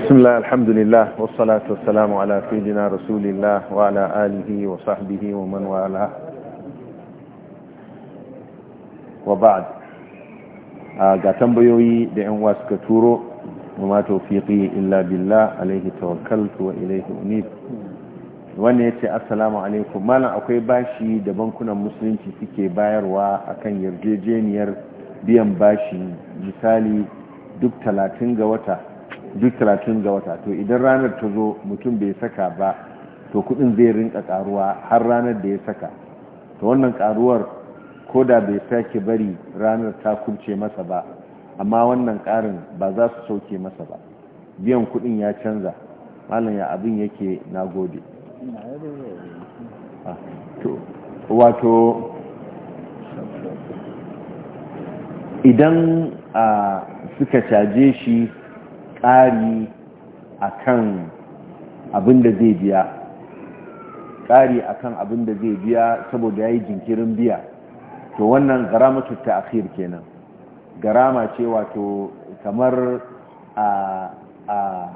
بسم الله الحمد لله والصلاة والسلام ga tambayoyi da yan wasu ka turo kuma tawfiqi illa billah alaihi wa ilaihi unib wannan yace assalamu alaikum malam akwai bashi da bankunan musulunci suke bayarwa akan yarjejeniyar biyan bashi misali duk talatin ga wata duk talatin ga wata to idan ranar ta zo mutum bai saka ba to kudin zai rinka karuwa har ranar da ya saka to wannan karuwar ko da bai sake bari ranar ta kubce masa ba amma wannan karin ba za su sauke masa ba biyan kudin ya canza malam ya abin yake na gode ah, wato idan ah, suka caje shi ƙari a kan abin da zai biya ƙari a kan abin da zai biya saboda ya yi jinkirin biya to wannan garamatu ta akhir kenan garama ce wato kamar a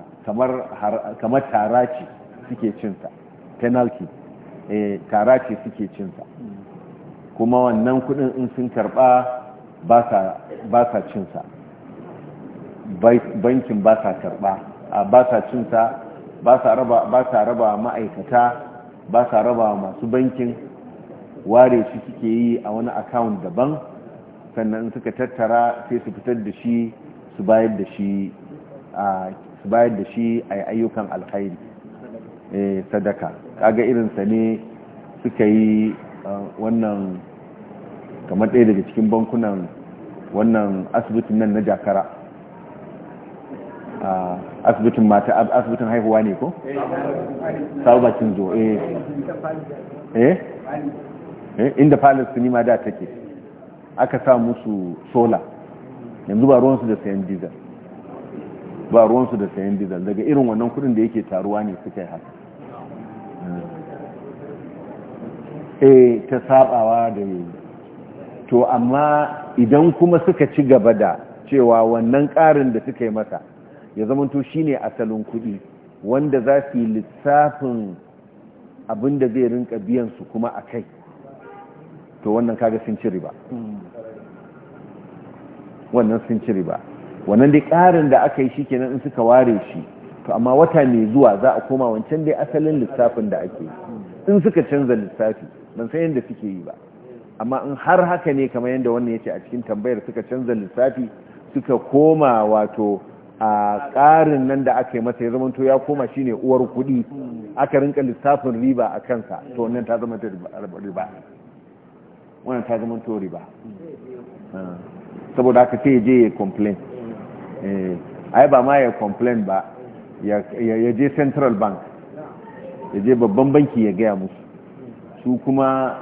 kamar tara ce suke cinsa penalty eh, tara suke cinta kuma wannan kudin in sun karba ba sa cinsa bankin ba sa karba ba sa cinta ba sa raba ma'aikata ba sa raba masu bankin ware shi suke yi a wani account daban sannan suka tattara sai su fitar da shi su bayar da shi su bayar da shi a ayyukan alkhairi eh, sadaka kaga irinsa ne suka yi wannan kamar ɗaya daga cikin bankunan wannan asibitin nan na jakara asibitin mata asibitin haihuwa ne ko? sabakin zo eh. eh eh inda palace ma da take aka sa musu sola yanzu ba ruwansu da sayan diesel ba ruwansu da sayan diesel daga irin wannan kudin da yake taruwa ne suka yi haka eh, eh ta sabawa da yi to amma idan kuma suka ci gaba da cewa wannan karin da suka yi masa ya zama zamanto shine asalin kuɗi wanda za su yi lissafin abin da zai rinka biyan su kuma a kai to wannan kaga sun ci riba wannan sun ci riba wannan dai ƙarin da aka yi shi kenan in suka ware shi to amma wata mai zuwa za a koma wancan dai asalin lissafin da ake in suka canza lissafi ban san yadda suke yi ba amma in har haka ne kamar yadda wannan ya ce a cikin tambayar suka canza lissafi suka koma wato a ƙarin nan da aka yi masa ya zama to ya koma shine uwar kuɗi aka rinka lissafin riba a kansa to wannan ta zama riba wannan ta zama to riba ah. saboda aka ce je ya complain eh, ai ba ma ya complain ba ya je central bank ya je babban banki ya gaya musu su kuma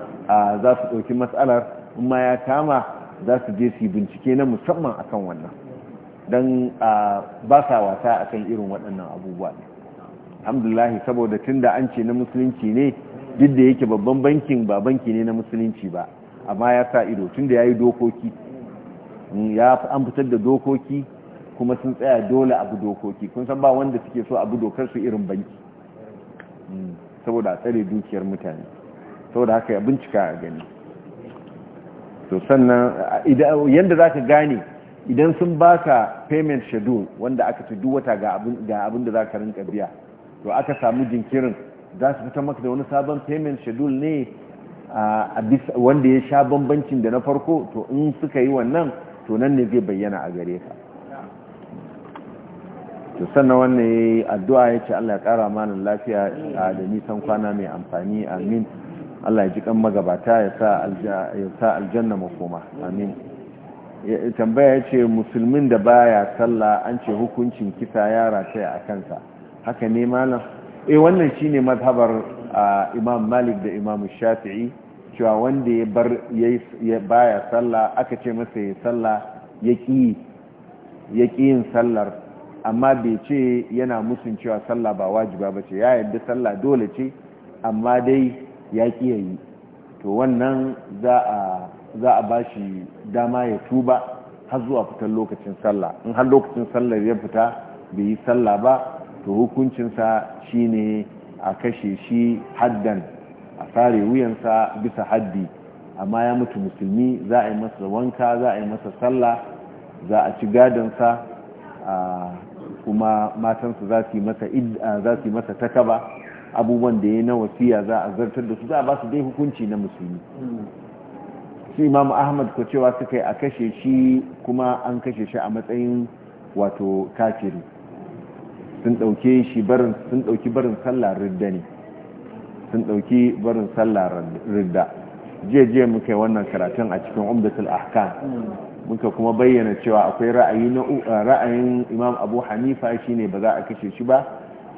za su ɗauki matsalar in ma ya kama za su je su bincike na musamman akan wannan don ba sa wasa a kan irin waɗannan abubuwa alhamdulahi saboda tun da an ce na musulunci ne duk da yake babban bankin ba banki ne na musulunci ba amma ya sa ido tun da ya yi dokoki mm, ya an fitar da dokoki kuma sun tsaya dole abu dokoki kun san ba wanda suke so abu dokar su irin banki mm, saboda a tsare dukiyar mutane saboda haka ya bincika a gani to sannan yadda za ka gane idan sun baka payment schedule wanda aka ce duk wata ga abin da za ka rinka biya to aka samu jinkirin za su fitar maka da wani sabon payment schedule ne wanda ya sha bambancin da na farko to in suka yi wannan to nan ne zai bayyana a gare ka to sannan wannan ya addu'a ya ce Allah ya kara manin lafiya da nisan kwana mai amfani amin Allah ya ji kan magabata ya sa aljanna makoma amin tambaya ya ce musulmin da baya sallah an ce hukuncin kisa ya rataya a kansa haka ne malam eh wannan shine mazhabar imam malik da imam shafi'i cewa wanda ya bar ya baya sallah aka ce masa ya sallah ya ki yin sallar amma bai ce yana musun cewa sallah ba wajiba ba ce ya yadda sallah dole ce amma dai ya ki yayi to wannan za a za a ba shi dama ya tuba har zuwa fitar lokacin sallah in har lokacin sallar ya fita bai yi sallah ba to hukuncinsa shine a kashe shi haddan a sare wuyansa bisa haddi amma ya mutu musulmi za a yi masa wanka za a yi masa sallah za a ci gadansa kuma matansa za su yi masa takaba abubuwan da ya na wasiya za a zartar da su za a ba su dai hukunci na musulmi shi imam ahmad ko cewa suka yi a kashe shi kuma an kashe shi a matsayin wato kafiri sun dauke shi barin sun dauki barin sallah ridda ne sun dauki barin sallar ridda jiya muka yi wannan karatun a cikin umdatul ahkam muka kuma bayyana cewa akwai ra'ayi na ra'ayin imam abu hanifa shi ne ba za a kashe shi ba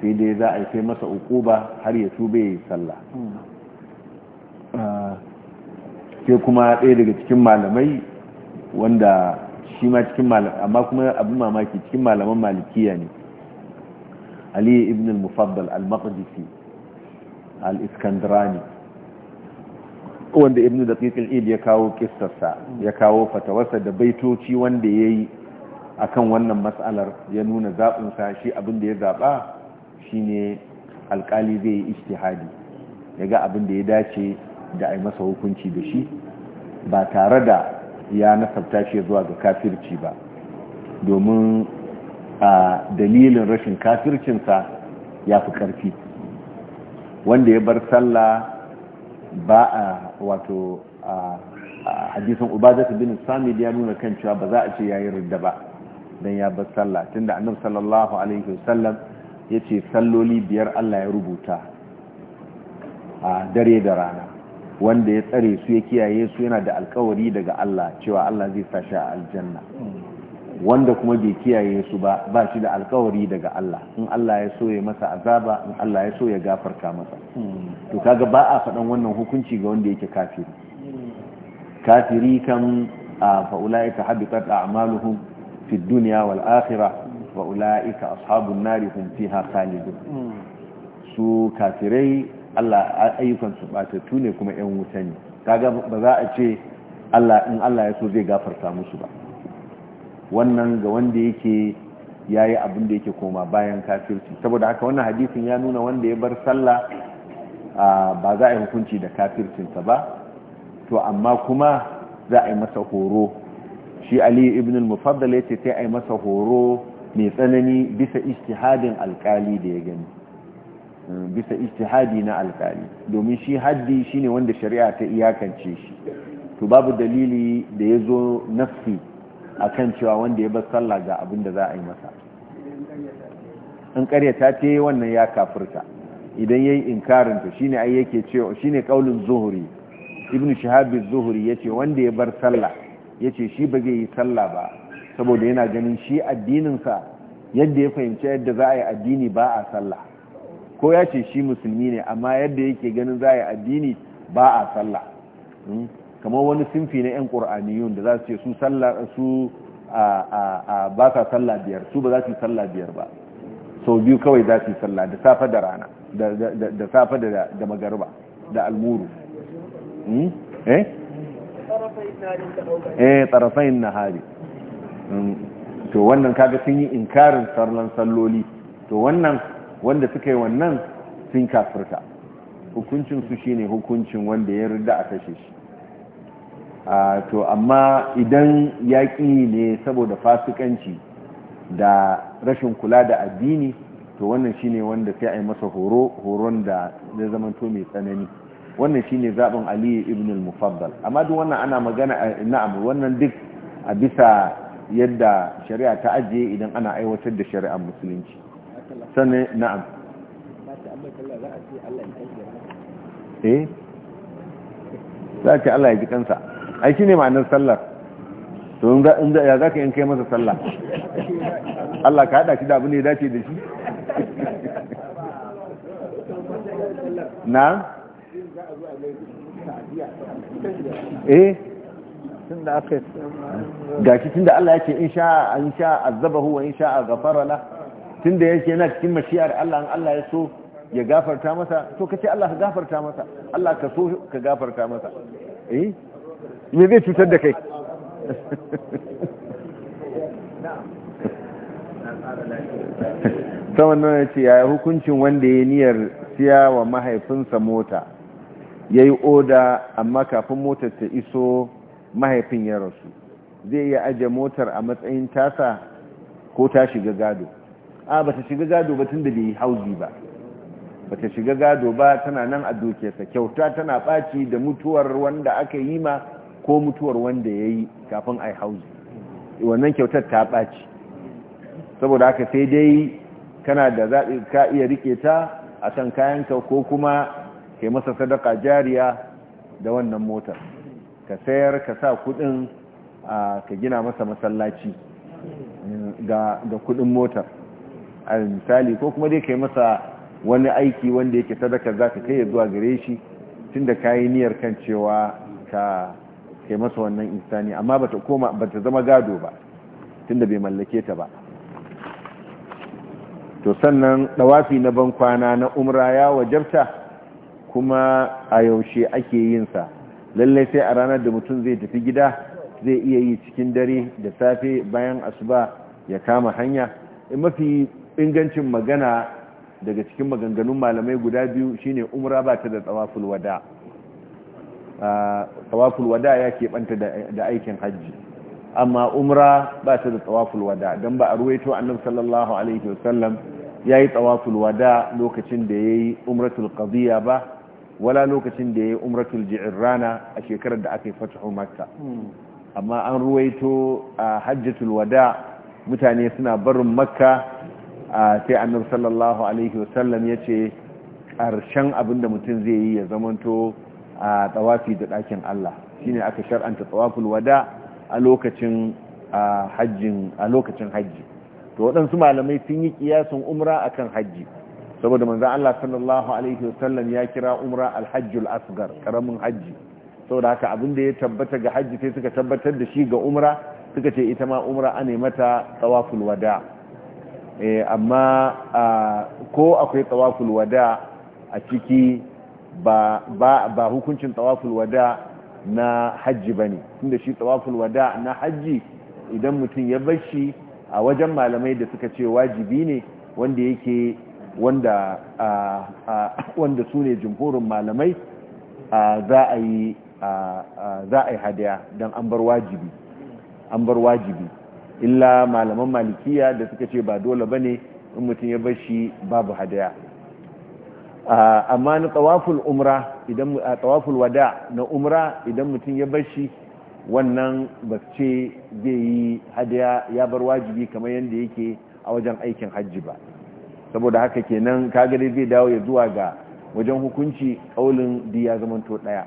sai dai za a yi kai masa ukuba har ya tube sallah sai kuma ɗaya daga cikin malamai wanda shi ma cikin malamai amma kuma abin mamaki cikin malaman malikiya ne ali ibn al-mufaddal al-maqdisi al-iskandrani wanda ibn da tsikin ya kawo kistarsa ya kawo fatawarsa da baitoci wanda ya yi a kan wannan matsalar ya nuna zaɓinsa shi abin da ya zaɓa shi ne alƙali zai yi ishtihadi ya ga abin da ya dace da ai masa hukunci da shi ba tare da ya nasabta shi zuwa ga kafirci ba domin a dalilin rashin kafircinsa ya fi ƙarfi wanda ya bar sallah ba a wato a hadisin ubadatu bin samid ya nuna kan cewa ba za a ce yayin ridda ba dan ya bar sallah tunda annabi sallallahu alaihi wasallam yace salloli biyar Allah ya rubuta a dare da rana wanda ya tsare su ya kiyaye su yana da alkawari daga Allah cewa Allah zai sa shi a aljanna wanda kuma bai kiyaye su ba ba shi da alkawari daga Allah in Allah ya so ya masa azaba in Allah ya so ya gafarta masa to kaga ba a faɗan wannan hukunci ga wanda yake kafiri kafiri kan fa fa'ula'ika habitat a'maluhum fi dunya wal akhirah wa ulaika ashabun nari hum fiha khalidun hmm. su kafirai Allah ayyukansu batattu ne kuma ‘yan wuta ne kaga ba za a ce Allah in Allah ya so zai gafarta musu ba wannan ga wanda yake ya yi abin da yake koma bayan kafirci saboda haka wannan hadisin ya nuna wanda ya bar sallah ba za a yi hukunci da kafircinsa ba to amma kuma za a yi masa horo shi ali ibn al-mufaddal yace sai a yi masa horo mai tsanani bisa ijtihadin alkali da ya gani bisa ijtihadi na alkali domin shi haddi shine wanda shari'a ta iyakance shi to babu dalili da ya zo nafsi akan cewa wanda ya bar sallah ga abin da za a yi masa an karyata ta yi wannan ya kafirta idan ya yi inkarinta shi ne ai yake cewa shi ne ƙaunin zuhuri ibn shahabi zuhuri ya ce wanda ya bar sallah ya ce shi ba zai yi sallah ba saboda yana ganin shi addininsa yadda ya fahimci yadda za a yi addini ba a sallah ko ya ce shi musulmi ne amma yadda yake ganin za a yi addini ba a sallah hmm? kamar wani sinfi na 'yan ƙur'aniyun da za su ce su su ba sa sallah biyar su ba za su yi sallah biyar ba sau biyu kawai za su yi sallah da safe da rana da safe da magarba da almuru hmm? eh, eh tsarafayin na hari hmm? to wannan kaga sun yi inkarin sallan salloli to wannan wanda suka yi wannan sun kafirta hukuncinsu su shine hukuncin wanda ya rida a kashe shi to amma idan yaƙi ne saboda fasikanci da rashin kula da addini to wannan shine wanda sai a yi masa horo horon da zai to mai tsanani wannan shine zaɓin aliyu ibn al-mufaddal amma duk wannan ana magana eh, na'am wannan duk a bisa yadda shari'a ta ajiye idan ana aiwatar da shari'ar musulunci Sani na'am eh za ce Allah ya ji kansa ai shi ne ma'anar sallar to ya za ka yin kai masa sallah Allah ka haɗa shi da abu ne dace da shi na eh tunda aka yi tun da Allah yake insha in sha an sha azabahu wa in sha a tun da yake yana cikin mashiyar Allah in Allah ya so ya gafarta masa to ka ce Allah ka gafarta masa Allah ka so ka gafarta masa eh me zai cutar da kai ta wannan ya ce yaya hukuncin wanda ya niyyar siya wa mahaifinsa mota ya yi oda amma kafin motar ta iso mahaifin ya rasu zai iya ajiye motar a matsayin tasa ko ta shiga gado a bata shiga gado ba tunda bai hauzi ba bata shiga gado ba tana nan a doke dukiyarsa kyauta tana ɓaci da mutuwar wanda aka yi ma ko mutuwar wanda ya yi kafin a yi hauzi wannan kyautar ta ɓaci saboda haka sai dai kana da zaɓi ka iya rike ta a kan kayanka ko kuma ke masa sadaka jariya da wannan motar ka sayar ka sa kudin ka gina masa masallaci eh, ga kuɗin motar a misali ko kuma dai kai masa wani aiki wanda yake sadaka zaka kai ya zuwa gare shi tunda kayi niyyar kan cewa ka kai masa wannan insani amma bata koma bata zama gado ba tunda bai mallake ta ba to sannan dawafi na ban kwana na umra ya wajarta kuma a yaushe ake yin sa lalle sai a ranar da mutum zai tafi gida zai iya yi cikin dare da safe bayan asuba ya kama hanya mafi ingancin magana daga cikin maganganun malamai guda biyu shine umra ba ta da tsawaful wada ah, tsawaful wada ya keɓanta da aikin hajji amma umra ba ta da tsawaful wada don ba a ruwaito annabi sallallahu alaihi wasallam ya yi tsawaful wada lokacin da ya yi umratul qadiyya ba wala lokacin da ya yi umratul rana a shekarar da aka yi fatahu makka hmm. amma an ruwaito a ah, hajjatul wada mutane suna barin makka sai annabi sallallahu alaihi wasallam ya ce ƙarshen abinda mutum zai yi ya zamanto a tsawafi da ɗakin Allah shine aka shar'anta tsawaful wada a lokacin a lokacin hajji to waɗansu malamai sun yi kiyasin umra akan hajji saboda manzon Allah sallallahu alaihi wasallam ya kira umra alhajjul asgar ƙaramin hajji saboda haka abin da ya tabbata ga hajji sai suka tabbatar da shi ga umra suka ce ita ma umra ane mata tsawaful wada' Eh, amma ko akwai tsawaful wada a ciki ba hukuncin tsawaful wada na hajji ba ne tunda shi tsawaful wada na hajji idan mutum ya bashi a wajen malamai da suka ce wajibi ne wanda yake wanda wanda su ne jimhurin malamai za a yi hadiya don an bar wajibi an bar wajibi illa malaman malikiya da suka ce ba dole bane in mutum ya bar shi babu hadaya amma na tawaful umra idan tawaful wada na umra idan mutum ya bar shi wannan ba ce zai yi hadaya ya bar wajibi kamar yadda yake a wajen aikin hajji ba saboda haka kenan dai zai dawo ya zuwa ga wajen hukunci kaulin diya to daya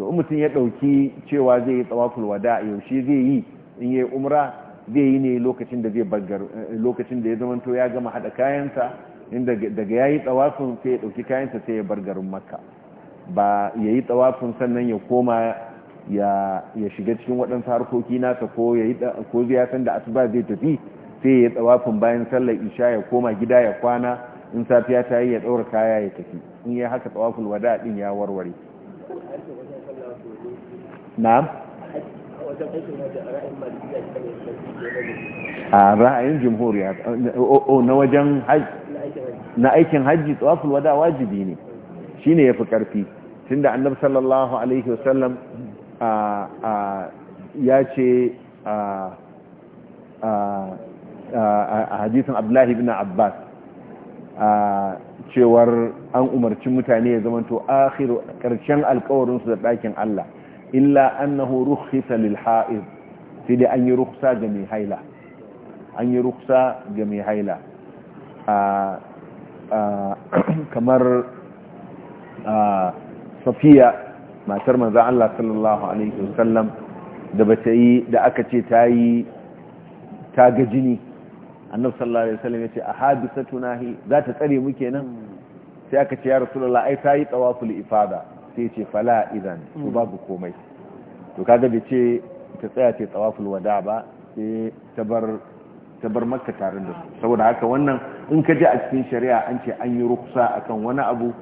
to in mutum ya dauki cewa zai yi tsawafin wada yaushe zai yi in yi umra zai yi ne lokacin da zai baggar eh, lokacin da ya zamanto ya gama hada kayansa inda daga yayi tsawafin sai ya dauki kayansa sai ya bar garin makka ba yayi tsawafin sannan ya koma ya shiga cikin waɗansu harkoki nasa ko yayi ko zai san da asuba zai tafi sai ya tsawafin bayan sallar isha ya koma gida ya kwana in safiya ta yi ya daura kaya ya tafi in ya haka tsawafin wada din ya warware na'am a ra'ayin jumhuriya na wajen na aikin hajji tsawafin wada wajibi ne shine yafi karfi da annabi sallallahu alaihi wasallam ya ce a hadisun abdullahi bin abbas cewar an umarci mutane ya zama zamanto akhiru karshen alkawarinsu da ɗakin Allah illa annahu rukhisa lil ha'id fi da an yi rukhsa ga mai haila an yi rukhsa ga mai haila kamar safiya matar manzo Allah sallallahu alaihi wasallam da ba ta yi da aka ce ta yi ta ga jini annabi sallallahu alaihi wasallam ya ce a hadisatu za ta tsare mu kenan sai aka ce ya rasulullah ai ta yi tawaful ifada sai ce fala idan su babu komai to kaga bai ce ta tsaya ce tsawaful wada ba sai ta bar ta bar makka tare da su saboda haka wannan in ka ji a cikin shari'a an ce an yi ruksa akan wani abu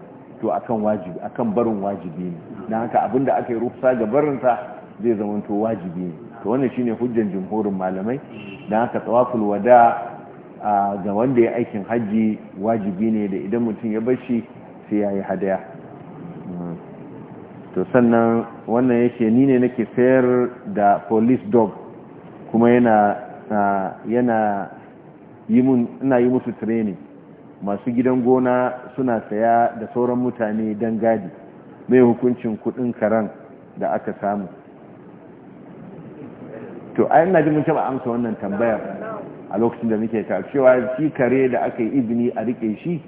to akan wajibi akan barin wajibi ne dan haka abinda aka yi ruksa ga barinsa zai zama to wajibi ne to wannan shine hujjan jumhurin malamai dan haka tsawaful wada ga wanda ya aikin hajji wajibi ne da idan mutum ya bar shi sai ya yi hadaya to sannan wannan yake ni ne nake sayar da police dog kuma yana yana yi ina yi musu training masu gidan gona suna saya da sauran mutane don gadi mai hukuncin kudin karan da aka samu to a yana ji mun taba amsa wannan tambayar a lokacin da muke ta cewa shi kare da aka yi izini a rike shi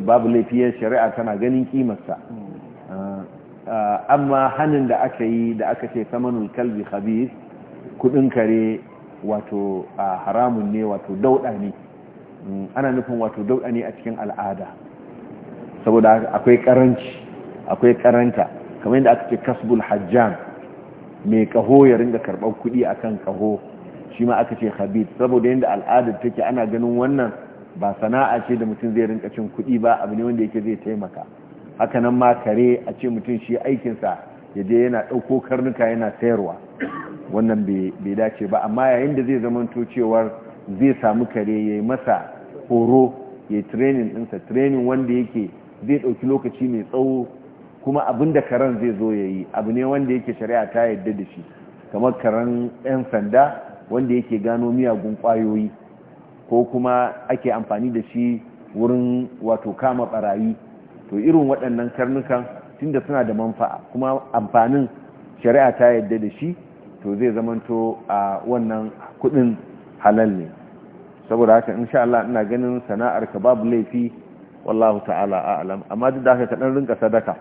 babu laifiyar shari'a tana ganin kimarsa amma hannun da aka yi da aka ce samanul kalbi habis kudin kare wato haramun ne wato dauda ne ana nufin wato dauda ne a cikin al'ada saboda akwai karanci akwai karanta kamar yadda aka ce kasbul hajjan mai kaho ya ringa karɓar kuɗi akan kaho shi ma aka ce habis saboda yadda al'adar take ana ganin wannan ba sana'a ce da mutum zai rinka cin kuɗi ba abu ne wanda yake zai taimaka haka nan ma kare a ce mutum shi aikinsa ya je yana ɗauko karnuka yana sayarwa wannan bai dace ba amma yayin da zai zamanto cewar zai samu kare ya yi masa horo ya yi training ɗinsa training wanda yake zai ɗauki lokaci mai tsawo kuma abin da karen zai zo ya yi abu ne wanda yake shari'a ta yadda da shi kamar karen 'yan sanda wanda yake gano miyagun kwayoyi ko kuma ake amfani da shi wurin wato kama barayi. to irin waɗannan karnukan tunda suna da manfa'a kuma amfanin shari'a ta yadda da shi to zai zamanto a wannan kudin halal ne saboda haka insha Allah ina ganin sana'ar ka babu laifi wallahu ta'ala a'lam amma duk da haka ka dan rinka sadaka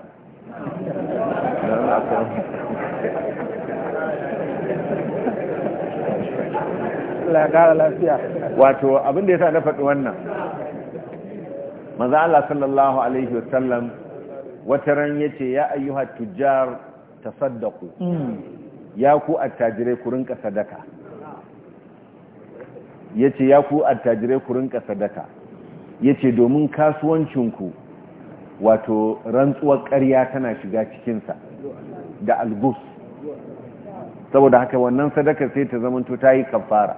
wato abin da yasa na faɗi wannan maza Allah sallallahu alaihi wasallam wata yace ya ayyuha tujjar tasaddaqu ya ku attajirai ku rinka sadaka yace ya ku attajirai ku rinka sadaka yace domin kasuwancinku wato rantsuwar ƙarya tana shiga cikinsa da albus saboda haka wannan sadaka sai ta zamanto ta yi kafara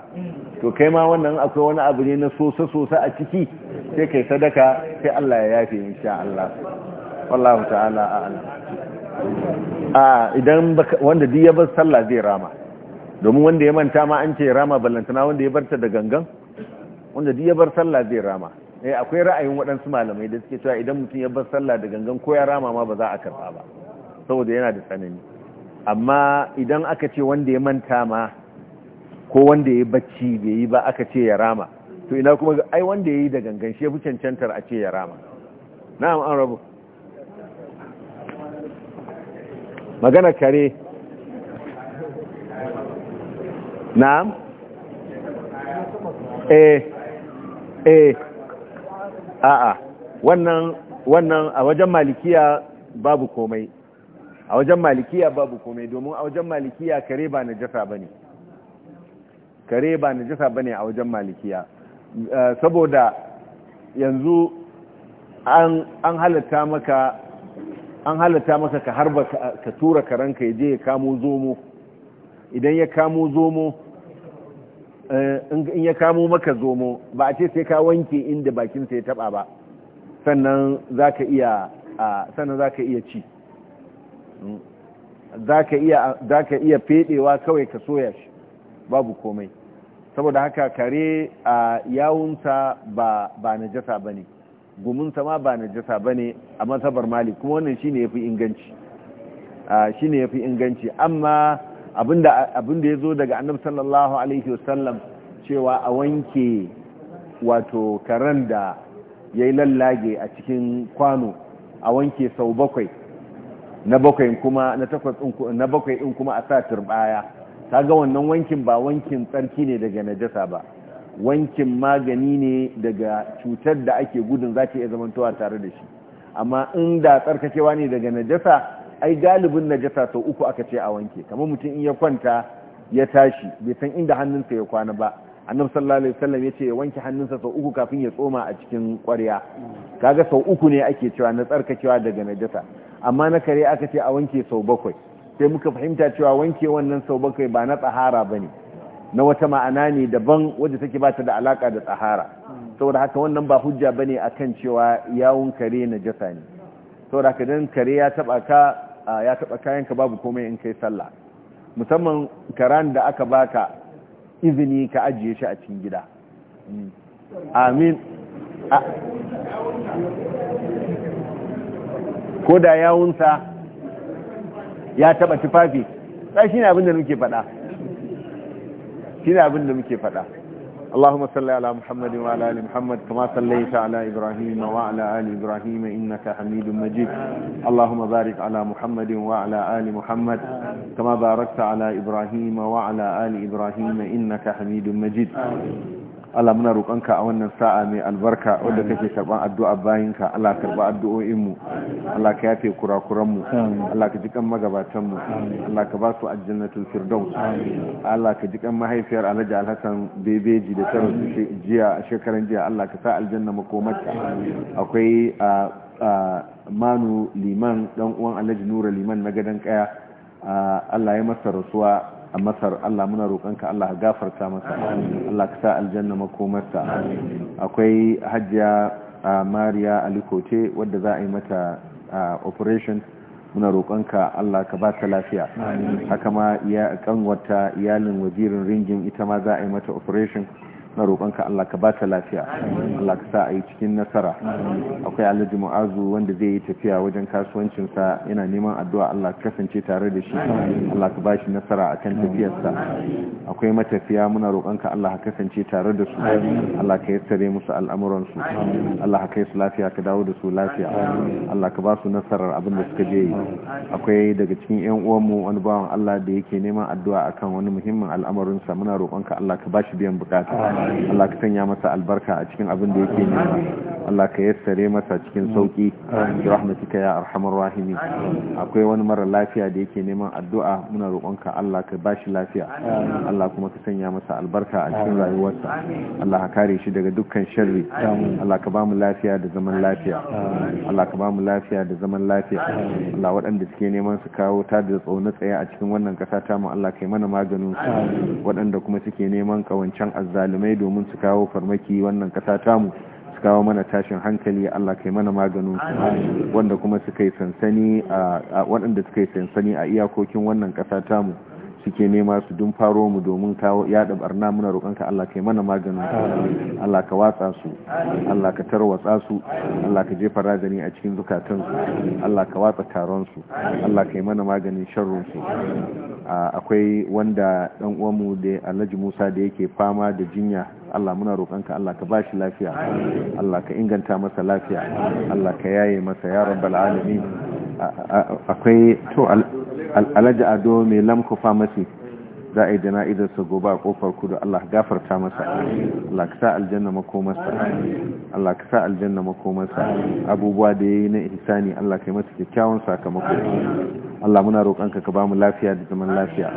to kai ma wannan akwai wani abu ne na sosa-sosa a ciki sai kai sadaka sai Allah ya yafe insha Allah wallahu ta'ala a'lam a idan wanda duk ya bar sallah zai rama domin wanda ya manta ma an ce rama ballantana wanda ya barta da gangan wanda duk ya bar sallah zai rama eh akwai ra'ayin waɗansu malamai da suke cewa idan mutum ya bar sallah da gangan ko ya rama ma ba za a karba ba saboda yana da tsanani amma idan aka ce wanda ya manta ma ko wanda ya bacci bai yi ba aka ce ya rama to ina kuma ai wanda ya yi da gangan shi ya fi cancantar a ce ya rama na'am an rabu magana kare na'am eh eh a'a wannan wannan a wajen malikiya babu komai a wajen malikiya babu komai domin a wajen malikiya kare ba najasa bane kare ba najasa bane a wajen malikiya saboda yanzu an halatta maka an halatta maka ka harba ka tura karanka ya je ya kamo zomo idan ya kamo zomo eh, in ya kamo maka zomo ba a ce sai ka wanke inda bakinsa ya taba ba sannan za ka iya sannan za ka iya ci hmm. za ka iya fedewa kawai ka soya shi babu komai saboda haka kare a yawunsa ba ba ne bane gumunsa ma ba na ba bane a mazhabar mali kuma wannan shine fi inganci ya fi inganci amma abinda ya zo daga annabi sallallahu alaihi wasallam cewa a wanke wato karen da yayi lallage a cikin kwano a wanke sau bakwai na bakwai in kuma a sa turbaya ta ga wannan wankin ba wankin tsarki ne daga najasa ba wankin magani ne daga cutar da ake gudun za ta iya zamantowa tare da shi amma inda tsarkakewa ne daga najasa ai galibin najasa sau uku aka ce a wanke kamar mutum in ya kwanta ya tashi bai san inda hannunsa ya kwana ba annabi sallallahu alaihi wasallam yace ya wanke hannunsa sau uku kafin ya tsoma a cikin ƙwarya kaga sau uku ne ake cewa na tsarkakewa daga najasa amma na kare aka ce a wanke sau bakwai sai muka fahimta cewa wanke wannan sau bakwai ba na tsahara ba ne na wata ma'ana ne daban wadda take ba ta da alaka da tsahara saboda haka wannan ba hujja ba ne a kan cewa yawon kare na jasa ne saboda haka don kare ya taba kayan ka babu komai in kai sallah musamman karan da aka baka izini ka ajiye shi a cikin gida amin ko da yawunsa ya taɓa tufafi sai shine abin da muke fada shine abin da muke fada Allahumma salli ala Muhammad wa ala ali Muhammad kama sallaita ala Ibrahim wa ala ali Ibrahim innaka Hamidum Majid Allahumma barik ala Muhammad wa ala ali Muhammad kama barakta ala Ibrahim wa ala ali Ibrahim innaka Hamidum Majid Allah muna roƙonka a wannan sa'a mai albarka wadda kake karɓar addu'a bayinka Allah addu'o'in mu Allah ka yafe kurakuranmu Allah ka jikan magabatanmu Allah ka ba su aljannatul firdaus Allah ka ji mahaifiyar Alhaji Alhassan Bebeji da su jiya a shekaran jiya Allah ka sa aljanna makomarta akwai Manu Liman dan uwan Alhaji Nura Liman na gadan kaya Allah ya masa rasuwa a masar Allah muna roƙonka Allah ka gafarta masa Allah ka sa aljanna makomarta akwai hajjiya mariya alikote wadda za a yi mata operation muna roƙonka Allah ka ba ta lafiya haka ma kanwata iyalin wazirin ringin ita ma za a yi mata operation na roƙonka Allah ka ba ta lafiya Allah ka sa a yi cikin nasara akwai alhaji mu'azu wanda zai yi tafiya wajen kasuwancinsa yana neman addu'a Allah ka kasance tare da shi Allah ka ba shi nasara a kan tafiyarsa akwai matafiya muna roƙonka Allah ka kasance tare da su Allah ka yassare musu al'amuransu Allah ka kai su lafiya ka dawo da su lafiya Allah ka ba su nasarar abin da suka je yi akwai daga cikin yan uwanmu wani bawan Allah da yake neman addu'a akan wani muhimmin al'amarinsa muna roƙonka Allah ka ba shi biyan bukata Allah ka sanya masa albarka a cikin abin da yake nema Allah ka yassare masa cikin sauki bi rahmatika ya arhamar rahimi akwai wani mara lafiya da yake neman addu'a muna roƙonka Allah ka bashi lafiya Allah kuma ka sanya masa albarka a cikin rayuwarsa Allah ka kare shi daga dukkan sharri Allah ka bamu lafiya da zaman lafiya Allah ka bamu lafiya da zaman lafiya Allah waɗanda suke neman su kawo ta da tsauna tsaye a cikin wannan ƙasa ta mu Allah kai mana maganin su waɗanda kuma suke neman kawancan azzalumai musulmai domin su kawo farmaki wannan kasa tamu su kawo mana tashin hankali Allah kai mana maganin wanda kuma suka yi sansani a waɗanda suka sansani a iyakokin wannan kasa tamu suke nema su dun faro mu domin kawo da barna muna roƙonka Allah kai mana maganin Allah ka watsa su Allah ka tarwatsa su Allah ka jefa ragani a cikin zukatan su Allah ka watsa taron su Allah kai mana maganin sharrun su akwai wanda dan mu da Alhaji Musa da yake fama da jinya Allah muna roƙonka Allah ka bashi lafiya Allah ka inganta masa lafiya Allah ka yaye masa ya rabbal alamin akwai to alhaji ado mai lamko famasi za a yi su gobe a kofar kudu Allah gafarta masa Allah ka sa aljanna makomarsa Allah ka sa aljanna makomarsa abubuwa da yi na ihsani Allah kai masa kyakkyawan sakamako Allah muna roƙonka ka ba mu lafiya da zaman lafiya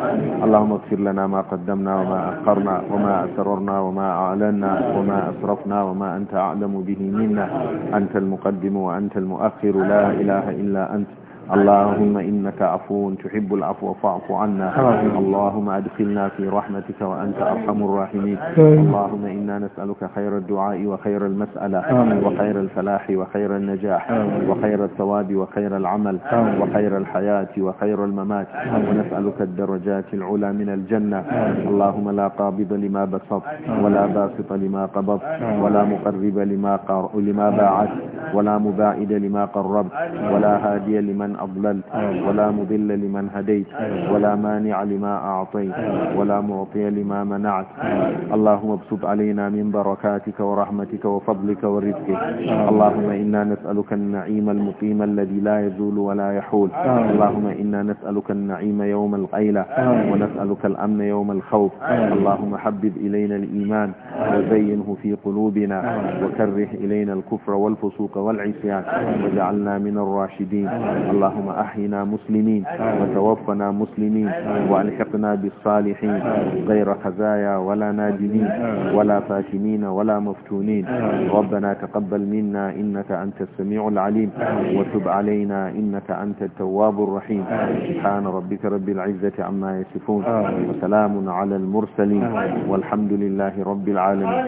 Allahumma ighfir lana ma qaddamna wa ma akharna wa ma asrarna wa ma a'lanna wa ma asrafna wa ma anta a'lamu bihi minna anta al-muqaddim wa anta al-mu'akhir la ilaha illa anta اللهم إنك عفو تحب العفو فاعف عنا اللهم أدخلنا في رحمتك وأنت أرحم الراحمين اللهم إنا نسألك خير الدعاء وخير المسألة وخير الفلاح وخير النجاح وخير الثواب وخير العمل وخير الحياة وخير الممات ونسألك الدرجات العلى من الجنة اللهم لا قابض لما بسط ولا باسط لما قبض ولا مقرب لما, قر... لما باعت ولا مباعد لما قربت ولا هادي لمن أضللت ولا مضل لمن هديت ولا مانع لما أعطيت ولا معطي لما منعت اللهم ابسط علينا من بركاتك ورحمتك وفضلك ورزقك اللهم إنا نسألك النعيم المقيم الذي لا يزول ولا يحول اللهم إنا نسألك النعيم يوم القيلة ونسألك الأمن يوم الخوف اللهم حبب إلينا الإيمان وزينه في قلوبنا وكره إلينا الكفر والفسوق والعصيان وجعلنا من الراشدين اللهم اللهم أحينا مسلمين وتوفنا مسلمين وألحقنا بالصالحين غير خزايا ولا نادمين ولا فاتنين ولا مفتونين ربنا تقبل منا إنك أنت السميع العليم وتب علينا إنك أنت التواب الرحيم سبحان ربك رب العزة عما يصفون وسلام على المرسلين والحمد لله رب العالمين